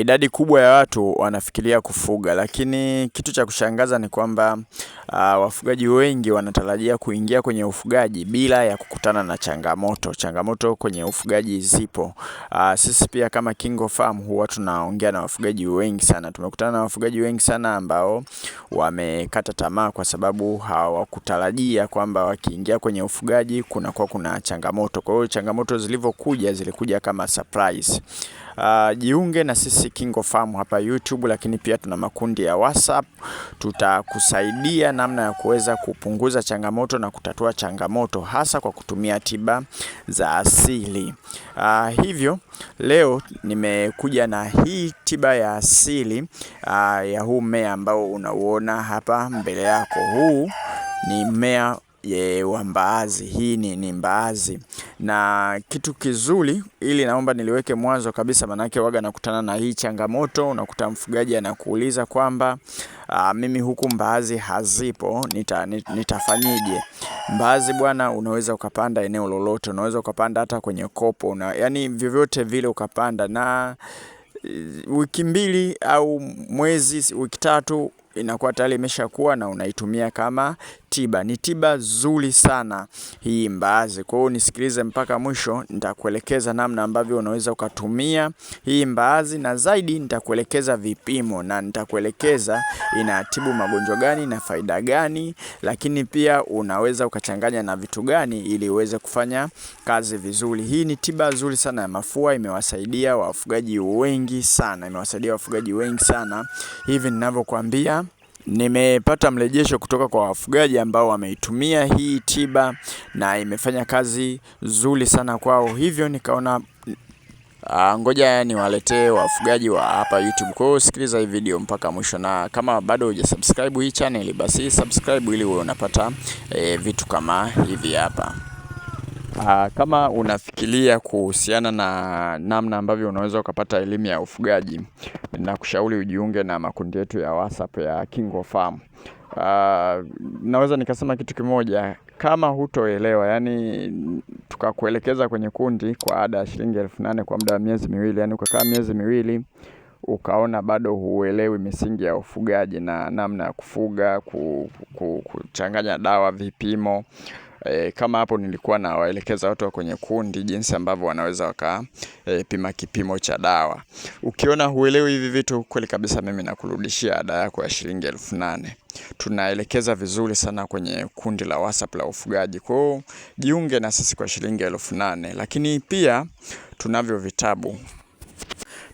Idadi kubwa ya watu wanafikiria kufuga, lakini kitu cha kushangaza ni kwamba uh, wafugaji wengi wanatarajia kuingia kwenye ufugaji bila ya kukutana na changamoto. Changamoto kwenye ufugaji zipo. Uh, sisi pia kama Kingo Farm huwa tunaongea na wafugaji wengi sana. Tumekutana na wafugaji wengi sana ambao wamekata tamaa kwa sababu hawakutarajia kwamba wakiingia kwenye ufugaji kunakuwa kuna changamoto. Kwa hiyo changamoto zilivyokuja zilikuja kama surprise. Uh, jiunge na sisi kingo Farm hapa YouTube, lakini pia tuna makundi ya WhatsApp. Tutakusaidia namna ya kuweza kupunguza changamoto na kutatua changamoto hasa kwa kutumia tiba za asili. Uh, hivyo leo nimekuja na hii tiba ya asili uh, ya huu mmea ambao unauona hapa mbele yako. Huu ni mmea wa mbaazi. Hii ni, ni mbaazi na kitu kizuri, ili naomba niliweke mwanzo kabisa, manake waga nakutana na hii changamoto. Unakuta mfugaji anakuuliza kwamba aa, ah, mimi huku mbaazi hazipo nita, nitafanyije? Mbaazi bwana, unaweza ukapanda eneo lolote, unaweza ukapanda hata kwenye kopo una, yani vyovyote vile ukapanda, na eh, wiki mbili au mwezi, wiki tatu inakuwa tayari imeshakuwa na unaitumia kama tiba. Ni tiba zuri sana hii mbaazi. Kwa hiyo nisikilize mpaka mwisho, nitakuelekeza namna ambavyo unaweza ukatumia hii mbaazi, na zaidi nitakuelekeza vipimo na nitakuelekeza inatibu magonjwa gani na faida gani, lakini pia unaweza ukachanganya na vitu gani ili uweze kufanya kazi vizuri. Hii ni tiba nzuri sana ya mafua, imewasaidia wafugaji wengi sana, imewasaidia wafugaji wengi sana hivi ninavyokuambia. Nimepata mrejesho kutoka kwa wafugaji ambao wameitumia hii tiba na imefanya kazi nzuri sana kwao, hivyo nikaona Uh, ngoja niwaletee wafugaji wa hapa YouTube. Kwa hiyo sikiliza hii video mpaka mwisho, na kama bado hujasubscribe hii channel, basi subscribe ili uwe unapata eh, vitu kama hivi hapa. Ah, kama unafikiria kuhusiana na namna ambavyo unaweza ukapata elimu ya ufugaji na kushauri ujiunge na makundi yetu ya WhatsApp ya Kingo Farm. Ah, naweza nikasema kitu kimoja, kama hutoelewa, yani tukakuelekeza kwenye kundi kwa ada ya shilingi elfu nane kwa muda wa miezi miwili, yani ukakaa miezi miwili ukaona bado huelewi misingi ya ufugaji na namna ya kufuga, kuchanganya dawa, vipimo E, kama hapo nilikuwa nawaelekeza watu wa kwenye kundi jinsi ambavyo wanaweza wakapima eh, e, kipimo cha dawa. Ukiona huelewi hivi vitu kweli kabisa, mimi nakurudishia ada yako ya shilingi elfu nane. Tunaelekeza vizuri sana kwenye kundi la WhatsApp la ufugaji. Kwa hiyo jiunge na sisi kwa shilingi elfu nane, lakini pia tunavyo vitabu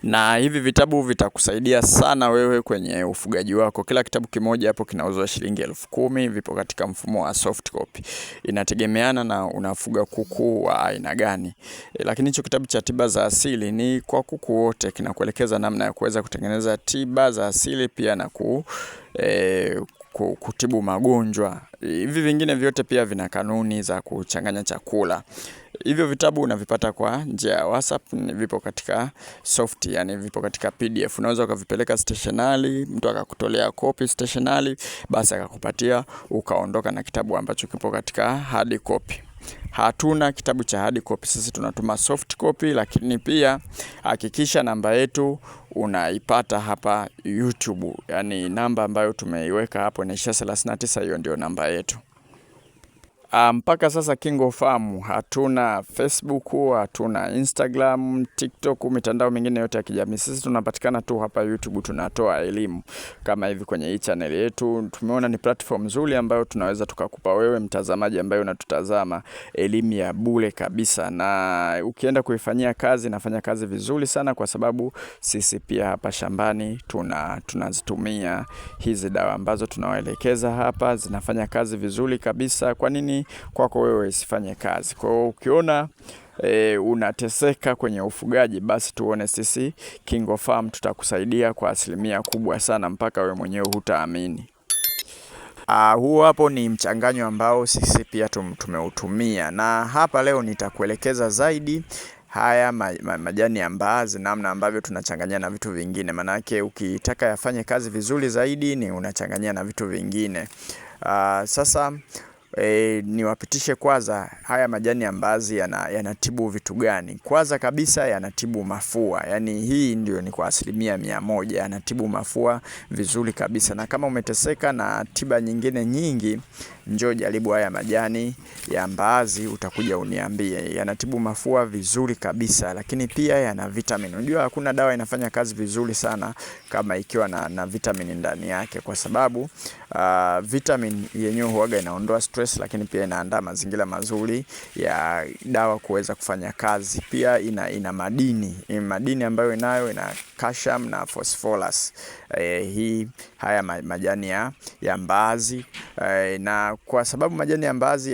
na hivi vitabu vitakusaidia sana wewe kwenye ufugaji wako. Kila kitabu kimoja hapo kinauzwa shilingi elfu kumi. Vipo katika mfumo wa soft copy, inategemeana na unafuga kuku wa aina gani. E, lakini hicho kitabu cha tiba za asili ni kwa kuku wote, kinakuelekeza namna ya kuweza kutengeneza tiba za asili pia na ku, e, kutibu magonjwa. Hivi vingine vyote pia vina kanuni za kuchanganya chakula. Hivyo vitabu unavipata kwa njia ya WhatsApp, vipo katika soft, yani vipo katika PDF. Unaweza ukavipeleka stationali, mtu akakutolea kopi stationali, basi akakupatia ukaondoka na kitabu ambacho kipo katika hard copy. Hatuna kitabu cha hard copy, sisi tunatuma soft copy, lakini pia hakikisha namba yetu unaipata hapa YouTube, yaani namba ambayo tumeiweka hapo ni 39. Hiyo ndio namba yetu. Ah, mpaka sasa KingoFarm hatuna Facebook, hatuna Instagram, TikTok, mitandao mingine yote ya kijamii. Sisi tunapatikana tu hapa YouTube, tunatoa elimu kama hivi kwenye hii chaneli yetu. Tumeona ni platform nzuri ambayo tunaweza tukakupa wewe mtazamaji ambaye unatutazama elimu ya bure kabisa, na ukienda kuifanyia kazi nafanya kazi vizuri sana, kwa sababu sisi pia hapa shambani tuna tunazitumia hizi dawa ambazo tunawaelekeza hapa, zinafanya kazi vizuri kabisa. Kwa nini kwako wewe isifanye kazi. Kwa hiyo ukiona E, unateseka kwenye ufugaji basi tuone sisi Farm tutakusaidia kwa asilimia kubwa sana mpaka wewe mwenyewe hutaamini. Uh, huu hapo ni mchanganyo ambao sisi pia tumeutumia na hapa leo nitakuelekeza zaidi haya ma, ma, majani ya mbaazi, namna ambavyo tunachanganya na vitu vingine. Maanake ukitaka yafanye kazi vizuri zaidi ni unachanganyia na vitu vingine. Uh, sasa e, niwapitishe kwanza haya majani ya mbaazi yanatibu yana vitu gani. Kwanza kabisa yanatibu mafua, yani hii ndio ni kwa asilimia mia moja, yanatibu mafua vizuri kabisa. Na kama umeteseka na tiba nyingine nyingi, njoo jaribu haya majani ya mbaazi, utakuja uniambie. Yanatibu mafua vizuri kabisa, lakini pia yana vitamini. Unajua hakuna dawa inafanya kazi vizuri sana kama ikiwa na, na vitamini ndani yake, kwa sababu Uh, vitamin yenyewe huaga inaondoa stress, lakini pia inaandaa mazingira mazuri ya dawa kuweza kufanya kazi. Pia ina, ina madini ina madini ambayo inayo ina calcium na phosphorus. Eh, hii haya majani ya, ya mbaazi eh, na kwa sababu majani ya mbaazi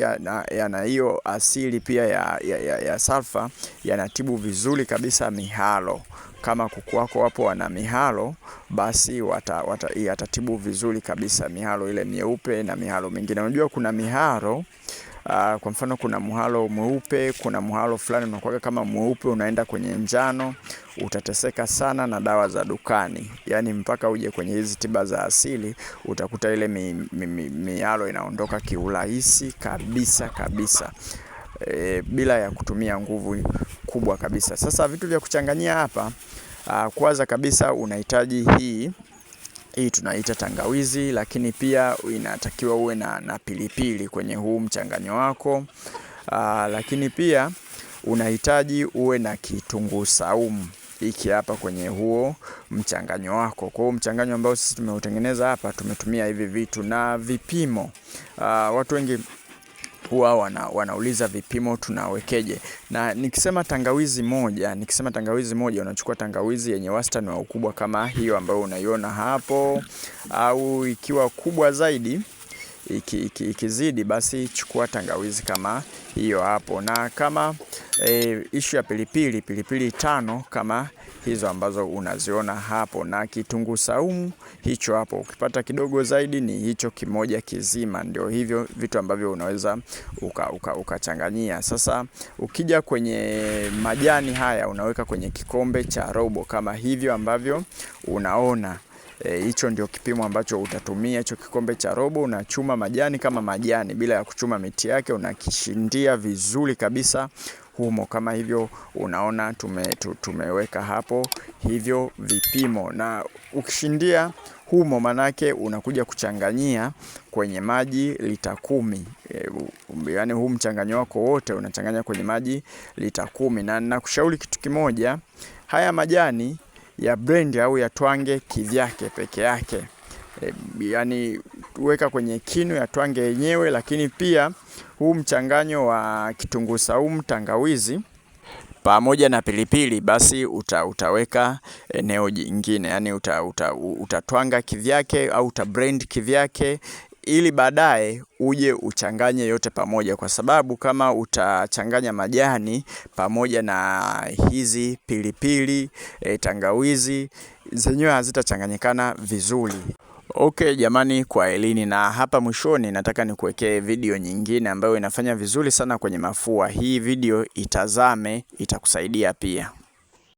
yana hiyo asili pia ya, ya, ya, ya sulfa yanatibu vizuri kabisa mihalo. Kama kuku wako wapo wana mihalo, basi wata, wata, atatibu vizuri kabisa mihalo ile mieupe na mihalo mingine. Unajua kuna mihalo Uh, kwa mfano kuna mhalo mweupe, kuna mhalo fulani unakuwa kama mweupe unaenda kwenye njano, utateseka sana na dawa za dukani. Yaani mpaka uje kwenye hizi tiba za asili utakuta ile mi, mi, mi, inaondoka kiurahisi kabisa kabisa e, bila ya kutumia nguvu kubwa kabisa. Sasa vitu vya kuchanganyia hapa, ah, kwanza kabisa unahitaji hii hii tunaita tangawizi, lakini pia inatakiwa uwe na, na pilipili kwenye huu mchanganyo wako. Aa, ah, lakini pia unahitaji uwe na kitunguu saumu hiki hapa kwenye huo mchanganyo wako. Kwa hiyo mchanganyo ambao sisi tumeutengeneza hapa tumetumia hivi vitu na vipimo. Aa, ah, watu wengi huwa wana, wanauliza vipimo tunawekeje, na nikisema tangawizi moja, nikisema tangawizi moja, unachukua tangawizi yenye wastani wa ukubwa kama hiyo ambayo unaiona hapo, au ikiwa kubwa zaidi ikizidi iki, iki basi chukua tangawizi kama hiyo hapo, na kama e, ishu ya pilipili pilipili tano kama hizo ambazo unaziona hapo, na kitunguu saumu hicho hapo. Ukipata kidogo zaidi ni hicho kimoja kizima. Ndio hivyo vitu ambavyo unaweza ukachanganyia uka, uka. Sasa ukija kwenye majani haya unaweka kwenye kikombe cha robo kama hivyo ambavyo unaona Eh, hicho e, ndio kipimo ambacho utatumia. Hicho kikombe cha robo unachuma majani kama majani, bila ya kuchuma miti yake, unakishindia vizuri kabisa humo kama hivyo unaona tume, tumeweka hapo hivyo vipimo, na ukishindia humo manake unakuja kuchanganyia kwenye maji lita kumi. Eh, yani huu mchanganyo wako wote unachanganya kwenye maji lita kumi, na nakushauri kitu kimoja, haya majani ya brand au ya Twange kivyake peke yake e, yani weka kwenye kinu ya Twange yenyewe, lakini pia huu mchanganyo wa kitunguu saumu, tangawizi pamoja na pilipili basi uta, utaweka eneo jingine, yani uta, uta, utatwanga kivyake au uta brand kivyake ili baadaye uje uchanganye yote pamoja, kwa sababu kama utachanganya majani pamoja na hizi pilipili e, tangawizi zenyewe hazitachanganyikana vizuri. Ok jamani, kwa elini na hapa mwishoni, nataka nikuwekee video nyingine ambayo inafanya vizuri sana kwenye mafua. Hii video itazame, itakusaidia pia.